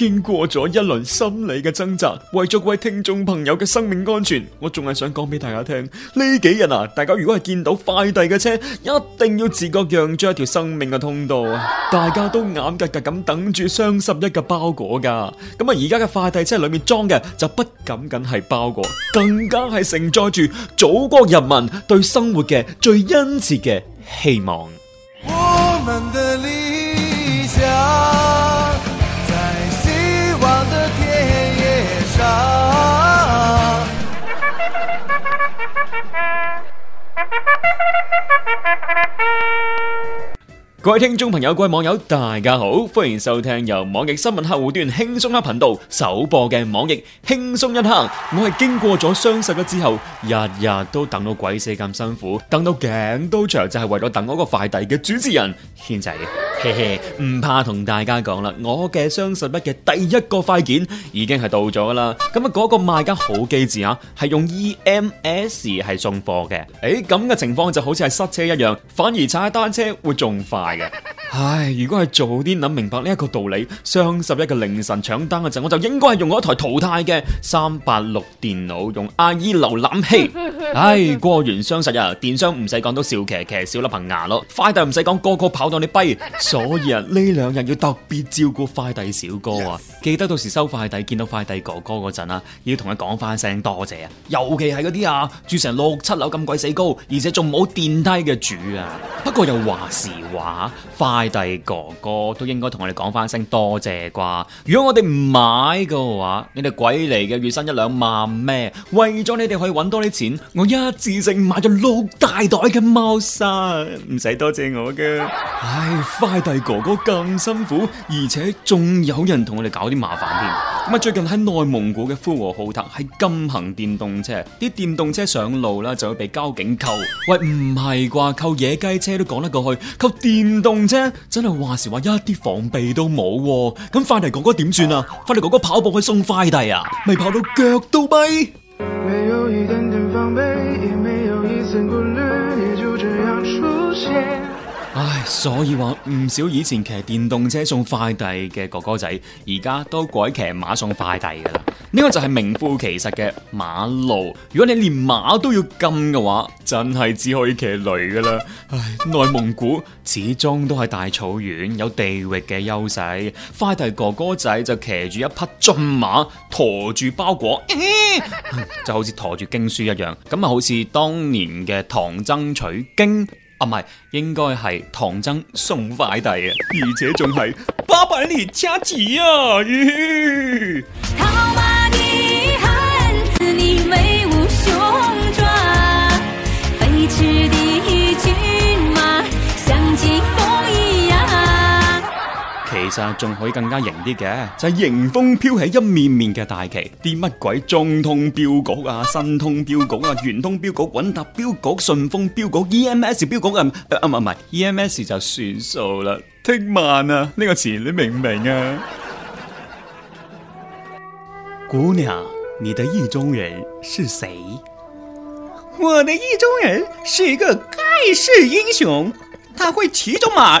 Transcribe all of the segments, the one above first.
經過咗一輪心理嘅掙扎，為咗各位聽眾朋友嘅生命安全，我仲係想講俾大家聽，呢幾日啊，大家如果係見到快遞嘅車，一定要自覺讓出一條生命嘅通道。大家都眼格格咁等住雙十一嘅包裹噶，咁啊而家嘅快遞車裏面裝嘅就不僅僅係包裹，更加係承載住祖國人民對生活嘅最殷切嘅希望。各位聽眾朋友、各位網友，大家好，歡迎收聽由網易新聞客戶端輕鬆，輕鬆一刻頻道首播嘅網易輕鬆一刻。我係經過咗雙十一之後，日日都等到鬼死咁辛苦，等到頸都長，就係為咗等我個快遞嘅主持人軒仔。唔怕同大家講啦，我嘅雙十一嘅第一個快件已經係到咗啦。咁啊，嗰個賣家好機智啊，係用 EMS 係送貨嘅。誒，咁嘅情況就好似係塞車一樣，反而踩單車會仲快嘅。唉，如果係早啲諗明白呢一個道理，雙十一嘅凌晨搶單嘅陣，我就應該係用我一台淘汰嘅三八六電腦，用 IE 瀏覽器。唉，過完雙十一，電商唔使講都笑騎騎笑甩棚牙咯，快遞唔使講個個跑到你跛。所以啊，呢兩日要特別照顧快遞小哥啊！Yes. 記得到時收快遞見到快遞哥哥嗰陣啊，要同佢講翻聲多謝啊！尤其係嗰啲啊住成六七樓咁鬼死高，而且仲冇電梯嘅主啊！不過又話時話， 快遞哥哥都應該同我哋講翻聲多謝啩。如果我哋唔買嘅話，你哋鬼嚟嘅月薪一兩萬咩？為咗你哋可以揾多啲錢，我一次性買咗六大袋嘅貓砂，唔使多謝我嘅。唉，快！快遞哥哥咁辛苦，而且仲有人同我哋搞啲麻煩添。咁啊，最近喺內蒙古嘅呼和浩特，係禁行電動車，啲電動車上路啦，就會被交警扣。喂，唔係啩？扣野雞車都講得過去，扣電動車真係話時話一啲防備都冇。咁快遞哥哥點算啊？快遞哥哥跑步去送快遞啊？未跑到腳都跛。唉，所以話唔少以前騎電動車送快遞嘅哥哥仔，而家都改騎馬送快遞噶啦。呢個就係名副其實嘅馬路。如果你連馬都要禁嘅話，真係只可以騎驢噶啦。唉，內蒙古始終都係大草原，有地域嘅優勢。快遞哥哥仔就騎住一匹駿馬，馱住包裹，唉唉就好似馱住經書一樣。咁啊，好似當年嘅唐僧取經。啊，唔係，應該係唐僧送快遞嘅，而且仲係八百年加急啊！嗚嗚 其實仲可以更加型啲嘅，就係、是、迎風飄起一面面嘅大旗，啲乜鬼中通鏢局啊、申通鏢局啊、圓通鏢局、韻達鏢局、順豐鏢局、EMS 鏢局啊，唔、呃、唔係，EMS 就算數啦，聽萬啊呢、這個詞你明唔明啊？姑娘，你的意中人是誰？我的意中人是一個蓋世英雄，他會騎着馬。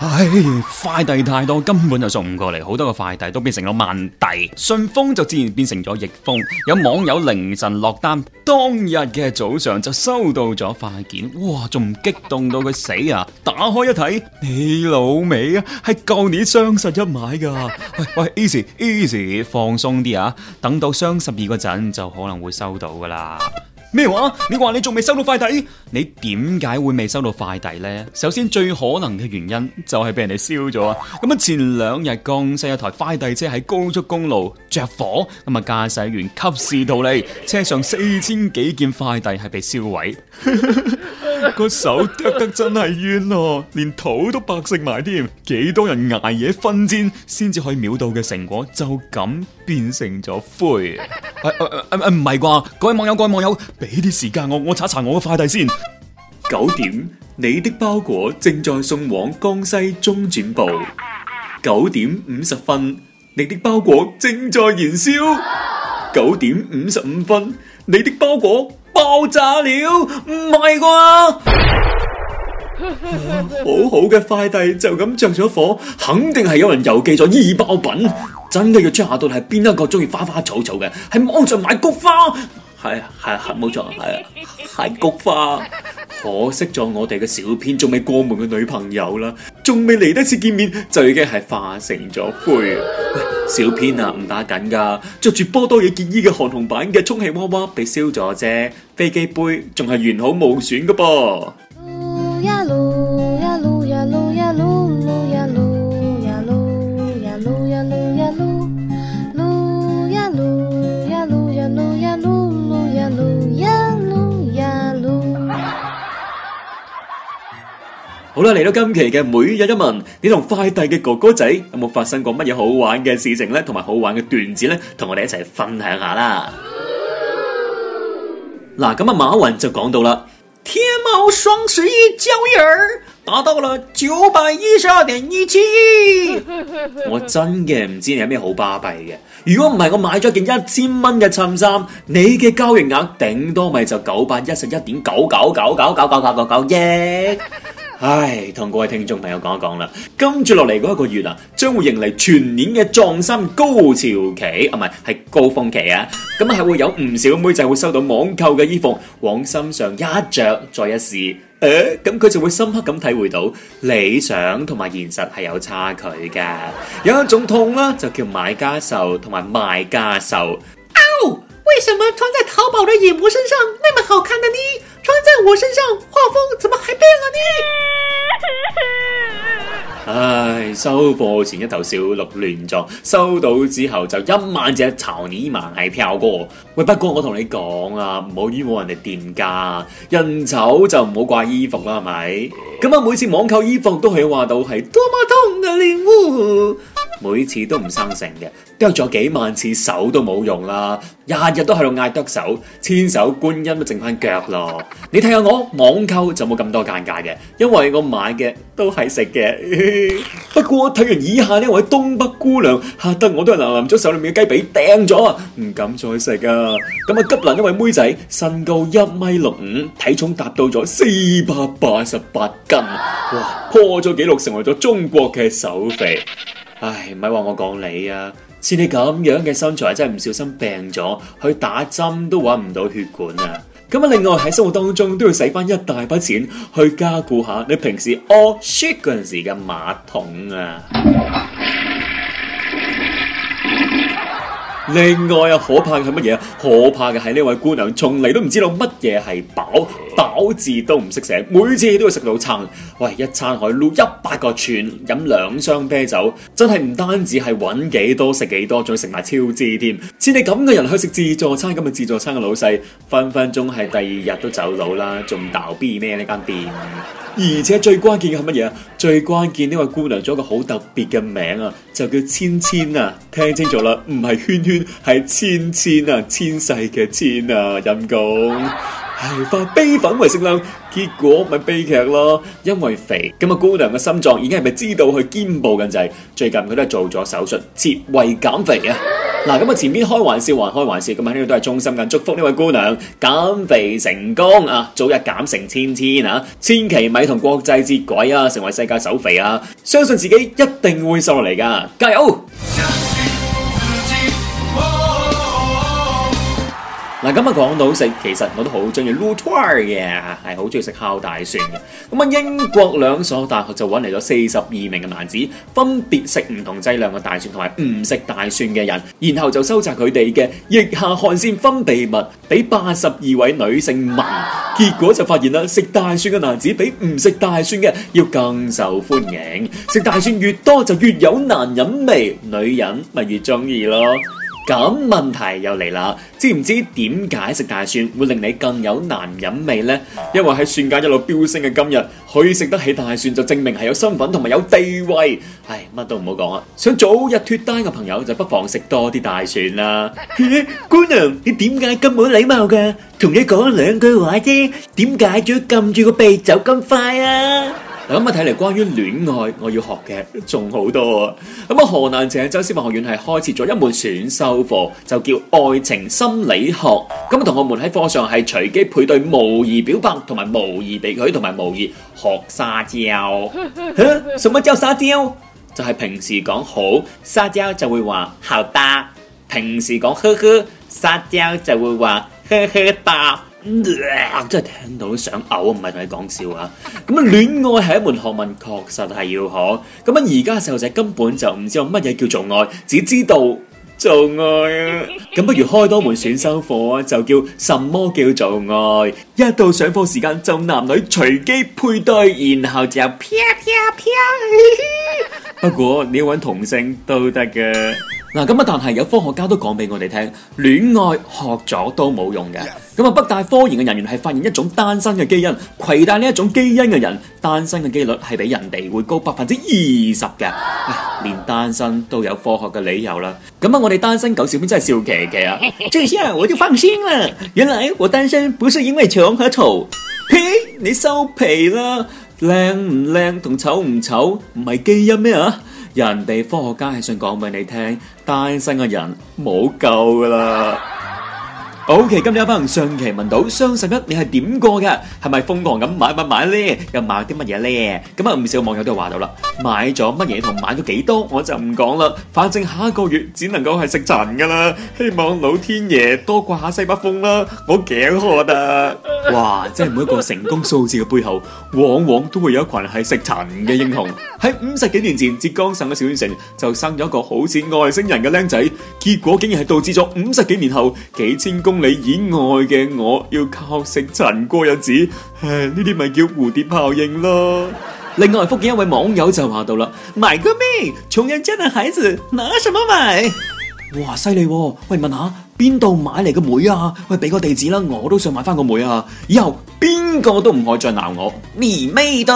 唉、哎，快遞太多，根本就送唔過嚟。好多個快遞都變成咗慢遞，順豐就自然變成咗逆風。有網友凌晨落單，當日嘅早上就收到咗快件，哇，仲激動到佢死啊！打開一睇，你老味啊，係舊年雙十一買噶。喂喂，Easy，Easy，easy, 放鬆啲啊，等到雙十二嗰陣就可能會收到噶啦。咩話？你話你仲未收到快遞？你點解會未收到快遞呢？首先最可能嘅原因就係俾人哋燒咗啊！咁啊前兩日江西一台快遞車喺高速公路着火，咁啊駕駛員及時逃離，車上四千幾件快遞係被燒毀，個 手剁得真係冤咯，連土都白食埋添，幾多，多人挨夜奮戰先至可以秒到嘅成果，就咁變成咗灰。唔係啩？各位網友，各位網友，俾啲時間我，我查查我嘅快遞先。九 點，你的包裹正在送往江西中轉部。九點五十分，你的包裹正在燃燒。九點五十五分，你的包裹爆炸了，唔係啩？好好嘅快遞就咁着咗火，肯定係有人郵寄咗易爆品。真嘅要 c 下到底係邊一個中意花花草草嘅，喺網上買菊花，係係係冇錯，係、哎、係、哎哎哎哎、菊花，可惜咗我哋嘅小編仲未過門嘅女朋友啦，仲未嚟得切見面就已經係化成咗灰。喂，小編啊，唔打緊噶，着住波多野結衣嘅韓紅版嘅充氣娃娃被燒咗啫，飛機杯仲係完好無損噶噃。Uh, 好啦，嚟到今期嘅每日一問，你同快遞嘅哥哥仔有冇發生過乜嘢好玩嘅事情呢？同埋好玩嘅段子呢？同我哋一齊分享下啦。嗱，咁 啊樂，馬雲就講到啦， 天貓雙十一交易額達到了九百一十二點一七億。我真嘅唔知你有咩好巴閉嘅。如果唔係我買咗件一千蚊嘅襯衫，你嘅交易額頂多咪就九百一十一點九九九九九九九九九億。唉，同各位聽眾朋友講一講啦，跟住落嚟嗰一個月啊，將會迎嚟全年嘅撞衫高潮期，啊唔係係高峰期啊，咁啊係會有唔少妹仔會收到網購嘅衣服，往身上一着，再一試，誒、哎，咁佢就會深刻咁體會到理想同埋現實係有差距㗎，有一種痛啦，就叫買家秀同埋賣家秀哦。為什麼穿在淘寶的野模身上那麼好看的呢？放在我身上，畫風怎麼還變咗呢？ 唉，收貨前一頭小鹿亂撞，收到之後就一萬隻草泥馬係飄過。喂，不過我同你講啊，唔好冤枉人哋店家，人醜就唔好怪衣服啦，係咪？咁啊，每次網購衣服都係話到係多麼痛的領悟。每次都唔生性嘅，剁咗幾萬次手都冇用啦，日日都喺度嗌剁手，千手觀音都剩翻腳咯。你睇下我網購就冇咁多尷尬嘅，因為我買嘅都係食嘅。 不過睇完以下呢位東北姑娘，吓、啊、得我都係流攣咗手裏面嘅雞髀掟咗啊，唔敢再食啊。咁啊，吉林一位妹仔，身高一米六五，體重達到咗四百八十八斤，哇，破咗紀錄，成為咗中國嘅首肥。唉，唔係話我講你啊！似你咁樣嘅身材，真係唔小心病咗，去打針都揾唔到血管啊！咁啊，另外喺生活當中都要使翻一大筆錢去加固下你平時屙屎嗰陣時嘅馬桶啊！ 另外啊，可怕嘅係乜嘢？可怕嘅係呢位姑娘從嚟都唔知道乜嘢係飽，飽字都唔識寫，每次都要食到撐。喂，一餐可以擼一百個串，飲兩箱啤酒，真係唔單止係揾幾多食幾多，仲要食埋超支添。似你咁嘅人去食自助餐，咁嘅自助餐嘅老細，分分鐘係第二日都走佬啦，仲倒閉咩呢間店？而且最關鍵嘅係乜嘢啊？最關鍵呢位姑娘仲有一個好特別嘅名啊，就叫千千啊，聽清楚啦，唔係圈圈，係千千啊，千世嘅千啊，陰功。係化悲憤為食量，結果咪悲劇咯。因為肥，咁、那、啊、個、姑娘嘅心臟已經係咪知道佢肩部咁滯？就是、最近佢都係做咗手術，切胃減肥 啊。嗱，咁啊前邊開玩笑還開玩笑，咁啊呢度都係衷心咁祝福呢位姑娘減肥成功啊，早日減成千千啊，千祈咪同國際接軌啊，成為世界首肥啊！相信自己一定會瘦落嚟噶，加油！嗱，今日講到食，其實我都好中意 Luttrell 嘅，係好中意食烤大蒜嘅。咁啊，英國兩所大學就揾嚟咗四十二名嘅男子，分別食唔同劑量嘅大蒜同埋唔食大蒜嘅人，然後就收集佢哋嘅腋下汗腺分泌物，俾八十二位女性聞，結果就發現啦，食大蒜嘅男子比唔食大蒜嘅要更受歡迎，食大蒜越多就越有男人味，女人咪越中意咯。咁問題又嚟啦，知唔知點解食大蒜會令你更有男人味呢？因為喺蒜價一路飆升嘅今日，可以食得起大蒜就證明係有身份同埋有地位。唉，乜都唔好講啊！想早日脫單嘅朋友就不妨食多啲大蒜啦。 姑娘，你點解咁冇禮貌噶？同你講兩句話啫，點解仲要撳住個鼻走咁快啊？咁啊，睇嚟，關於戀愛，我要學嘅仲好多啊！咁啊，河南鄭州師範學院係開設咗一門選修課，就叫愛情心理學。咁同學們喺課上係隨機配對，模擬表白，同埋模擬被拒，同埋模，模擬學撒嬌 什麼叫撒嬌？就係、是、平時講好，撒嬌就會話好噠；平時講呵呵，撒嬌就會話呵呵噠。呃、真係聽到想嘔，唔係同你講笑啊！咁啊，戀愛係一門學問，確實係要學。咁啊，而家嘅細路仔根本就唔知道乜嘢叫做愛，只知道做愛啊！咁不如開多門選修課啊，就叫什麼叫做愛？一到上課時間就男女隨機配對，然後就啪啪啪。 不過你要揾同性都得嘅。嗱，咁啊，但係有科學家都講俾我哋聽，戀愛學咗都冇用嘅。咁啊，北大科研嘅人員係發現一種單身嘅基因，攜帶呢一種基因嘅人，單身嘅幾率係比人哋會高百分之二十嘅。Oh. 唉，連單身都有科學嘅理由啦。咁啊，我哋單身狗小編真係笑騎騎啊，這下 我就放心啦。原來我單身不是因為窮和醜，嘿，你收皮啦，靚唔靚同醜唔醜唔係基因咩啊？人哋科學家係想講俾你聽，單身嘅人冇救㗎啦。O.K.，今日阿鵬上期問到，雙十一你係點過嘅？係咪瘋狂咁買買買呢？又買啲乜嘢呢？咁啊，唔少網友都話到啦，買咗乜嘢同買咗幾多，我就唔講啦。反正下一個月只能夠係食塵噶啦。希望老天爺多掛下西北風啦，我頸渴啊！哇，即係每一個成功數字嘅背後，往往都會有一群係食塵嘅英雄。喺五十幾年前，浙江省嘅小縣城就生咗一個好似外星人嘅僆仔，結果竟然係導致咗五十幾年後幾千公。你以外嘅我要靠食塵過日子，誒，呢啲咪叫蝴蝶效應咯另外福建一位網友就話到啦：買個咩？窮人家的孩子拿什麼買？哇，犀利哦！喂，問下邊度買嚟個妹啊？喂，俾個地址啦，我都想買翻個妹啊！以後邊個都唔可以再鬧我，你妹得！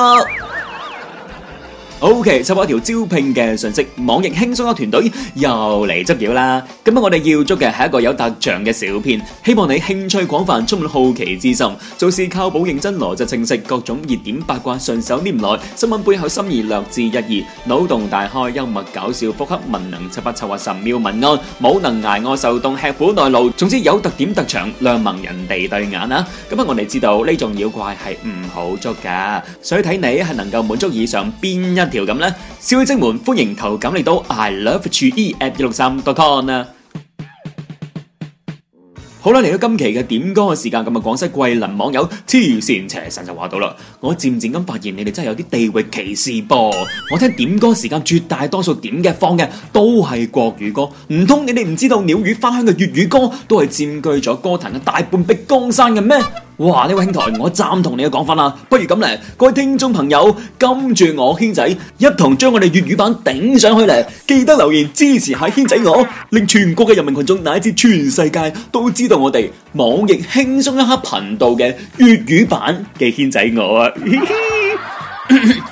O.K.，插播一條招聘嘅信息，網易輕鬆嘅團隊又嚟執鳥啦。咁啊，我哋要捉嘅係一個有特長嘅小編，希望你興趣廣泛，充滿好奇之心，做事靠譜，認真邏輯清晰，各種熱點八卦順手拈來，新聞背後深意略知一二，腦洞大開，幽默搞笑，複合文能七八七八十秒神妙文案，冇能捱餓受凍吃苦耐勞，總之有特點特長，亮盲人哋對眼啊！咁啊，我哋知道呢種妖怪係唔好捉㗎，所以睇你係能夠滿足以上邊一條咁咧，少女精們歡迎投錦嚟到 I Love G E at 一六三 dot com 啊！好啦，嚟到今期嘅點歌嘅時間，咁啊，廣西桂林網友痴線邪神就話到啦，我漸漸咁發現你哋真係有啲地域歧視噃，我聽點歌時間，絕大多數點嘅放嘅都係國語歌，唔通你哋唔知道鳥語花香嘅粵語歌都係佔據咗歌壇嘅大半壁江山嘅咩？哇！呢位兄台，我贊同你嘅講法啦，不如咁呢，各位聽眾朋友，跟住我軒仔一同將我哋粵語版頂上去咧，記得留言支持下軒仔我，令全國嘅人民群眾乃至全世界都知道我哋網易輕鬆一刻頻道嘅粵語版嘅軒仔我啊。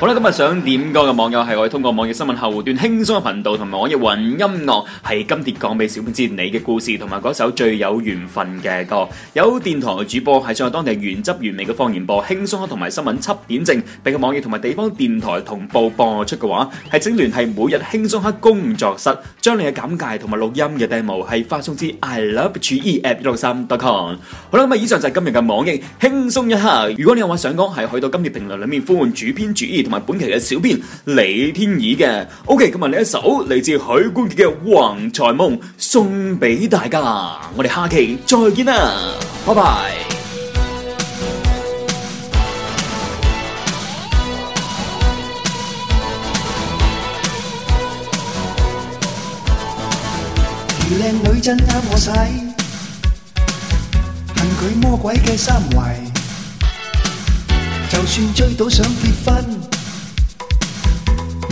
好啦，今日想點歌嘅網友係可以通過網易新聞客戶端輕鬆嘅頻道同埋網易雲音樂，係今次講俾小編知你嘅故事同埋嗰首最有緣分嘅歌。有電台主播係在當地原汁原味嘅方言播，輕鬆啊同埋新聞七點正，俾個網易同埋地方電台同步播出嘅話，係整聯繫每日輕鬆黑工作室，將你嘅簡介同埋錄音嘅 demo 係發送至 i love c h i e e a p p 163 .com。好啦，咁啊，以上就係今日嘅網易輕鬆一刻。如果你有話想講，係去到今日評論裏面呼喚主編注意。同埋本期嘅小編李天意嘅，OK，今日呢一首嚟自許冠傑嘅《黃財夢》送俾大家，我哋下期再見啦，拜拜。條靚女真啱我使，恨佢魔鬼嘅三圍，就算追到想結婚。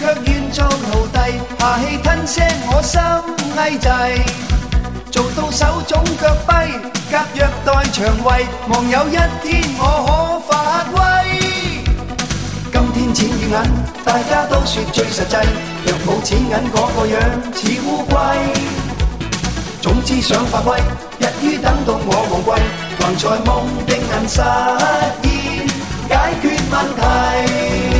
卻願做奴隸，下氣吞聲，我心翳滯。做到手腫腳跛，隔弱代腸胃，望有一天我可發威。今天錢與銀，大家都説最實際。若冇錢銀嗰個樣似烏龜。總之想發揮，一於等到我旺季，還在夢定能實現解決問題。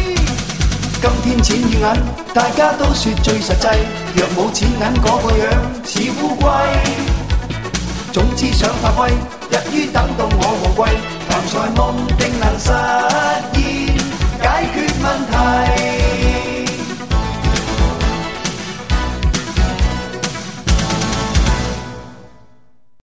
今天錢與銀，大家都說最實際。若冇錢銀，嗰個樣似烏龜。總之想發揮，日于等到我何貴？發財夢定能實現，解決問題。